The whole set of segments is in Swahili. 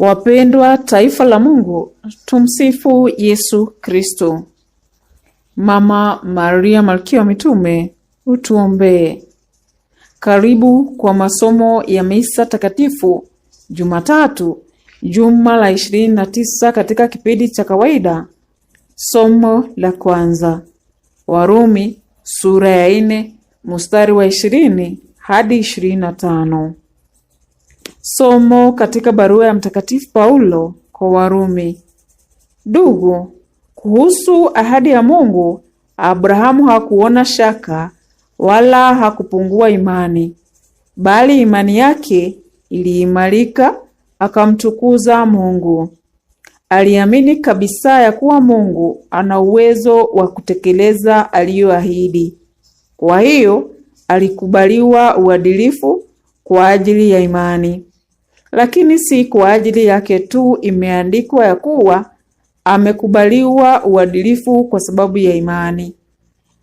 Wapendwa taifa la Mungu, tumsifu Yesu Kristo. Mama Maria Malkia wa Mitume, utuombee. Karibu kwa masomo ya misa takatifu Jumatatu, juma la 29 katika kipindi cha kawaida. Somo la kwanza Warumi sura ya 4 mstari wa 20 hadi 25. Somo katika barua ya Mtakatifu Paulo kwa Warumi. Ndugu, kuhusu ahadi ya Mungu, Abrahamu hakuona shaka wala hakupungua imani, bali imani yake iliimarika, akamtukuza Mungu. Aliamini kabisa ya kuwa Mungu ana uwezo wa kutekeleza aliyoahidi. Kwa hiyo alikubaliwa uadilifu kwa ajili ya imani lakini si kwa ajili yake tu. Imeandikwa ya kuwa amekubaliwa uadilifu kwa sababu ya imani,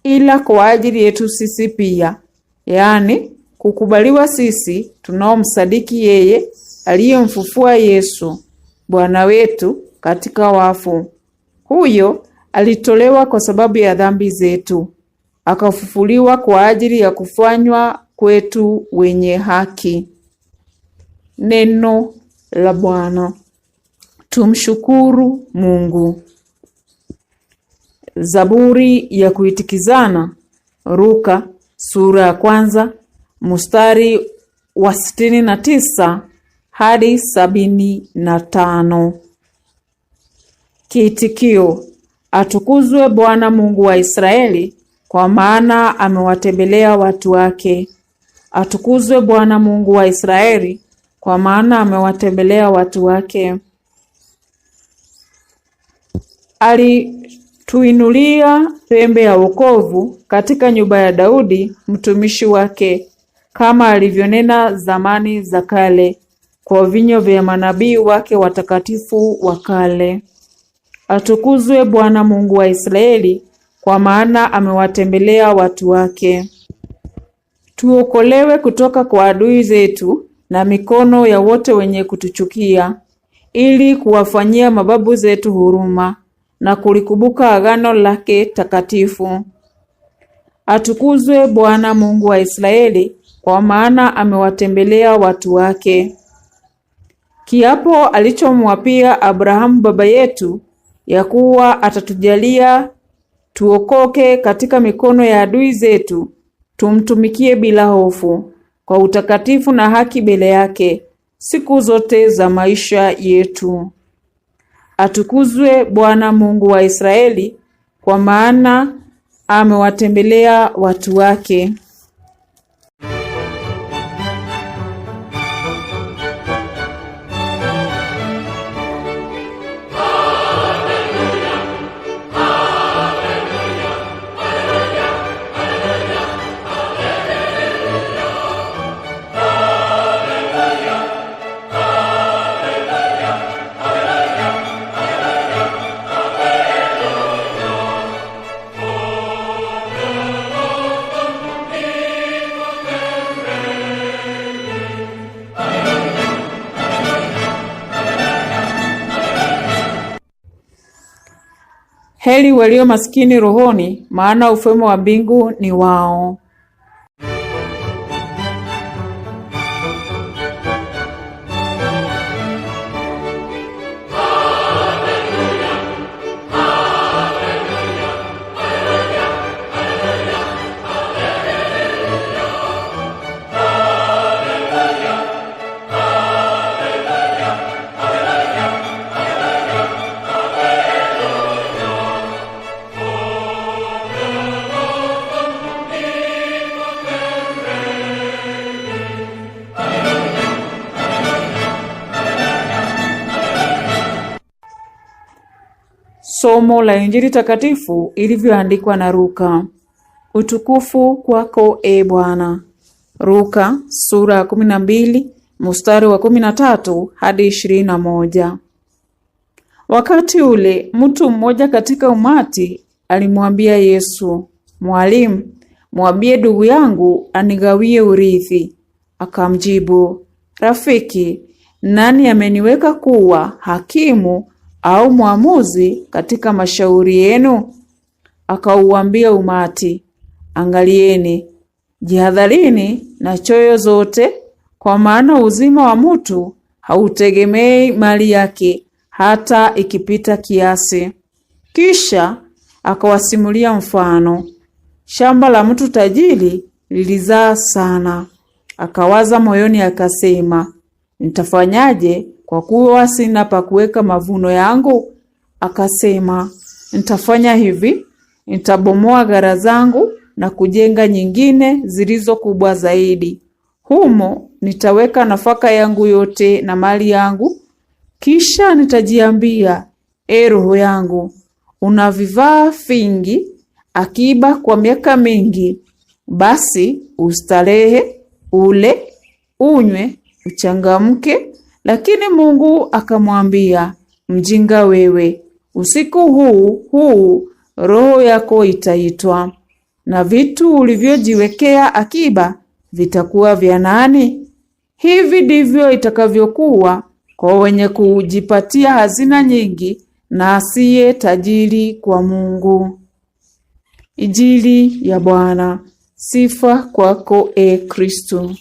ila kwa ajili yetu sisi pia, yaani kukubaliwa sisi tunaomsadiki yeye aliyemfufua Yesu Bwana wetu katika wafu. Huyo alitolewa kwa sababu ya dhambi zetu, akafufuliwa kwa ajili ya kufanywa kwetu wenye haki. Neno la Bwana. Tumshukuru Mungu. Zaburi ya kuitikizana, Luka sura ya kwanza mstari wa sitini na tisa hadi sabini na tano. Kiitikio: atukuzwe Bwana Mungu wa Israeli, kwa maana amewatembelea watu wake. Atukuzwe Bwana Mungu wa Israeli, kwa maana amewatembelea watu wake. Alituinulia pembe ya wokovu katika nyumba ya Daudi mtumishi wake, kama alivyonena zamani za kale kwa vinywa vya manabii wake watakatifu wa kale. Atukuzwe Bwana Mungu wa Israeli, kwa maana amewatembelea watu wake. Tuokolewe kutoka kwa adui zetu na mikono ya wote wenye kutuchukia ili kuwafanyia mababu zetu huruma na kulikumbuka agano lake takatifu. Atukuzwe Bwana Mungu wa Israeli, kwa maana amewatembelea watu wake. Kiapo alichomwapia Abrahamu baba yetu, ya kuwa atatujalia tuokoke katika mikono ya adui zetu, tumtumikie bila hofu kwa utakatifu na haki mbele yake siku zote za maisha yetu. Atukuzwe Bwana Mungu wa Israeli, kwa maana amewatembelea watu wake. Heri walio maskini rohoni, maana ufalme wa mbingu ni wao. Somo la Injili takatifu ilivyoandikwa na Luka. Utukufu kwako e Bwana. Luka sura ya kumi na mbili mstari wa kumi na tatu hadi ishirini na moja. Wakati ule mtu mmoja katika umati alimwambia Yesu, Mwalimu, mwambie ndugu yangu anigawie urithi. Akamjibu, Rafiki, nani ameniweka kuwa hakimu au mwamuzi katika mashauri yenu? Akauambia umati, angalieni, jihadharini na choyo zote, kwa maana uzima wa mtu hautegemei mali yake hata ikipita kiasi. Kisha akawasimulia mfano, shamba la mtu tajiri lilizaa sana. Akawaza moyoni, akasema nitafanyaje kwa kuwa sina pa kuweka mavuno yangu. Akasema, nitafanya hivi, nitabomoa ghala zangu na kujenga nyingine zilizo kubwa zaidi. Humo nitaweka nafaka yangu yote na mali yangu. Kisha nitajiambia, e roho yangu, unavivaa vingi, akiba kwa miaka mingi, basi ustarehe, ule, unywe, uchangamke lakini Mungu akamwambia, mjinga wewe, usiku huu huu roho yako itaitwa, na vitu ulivyojiwekea akiba vitakuwa vya nani? Hivi ndivyo itakavyokuwa kwa wenye kujipatia hazina nyingi na asiye tajiri kwa Mungu. Ijili ya Bwana. Sifa kwako, e Kristo.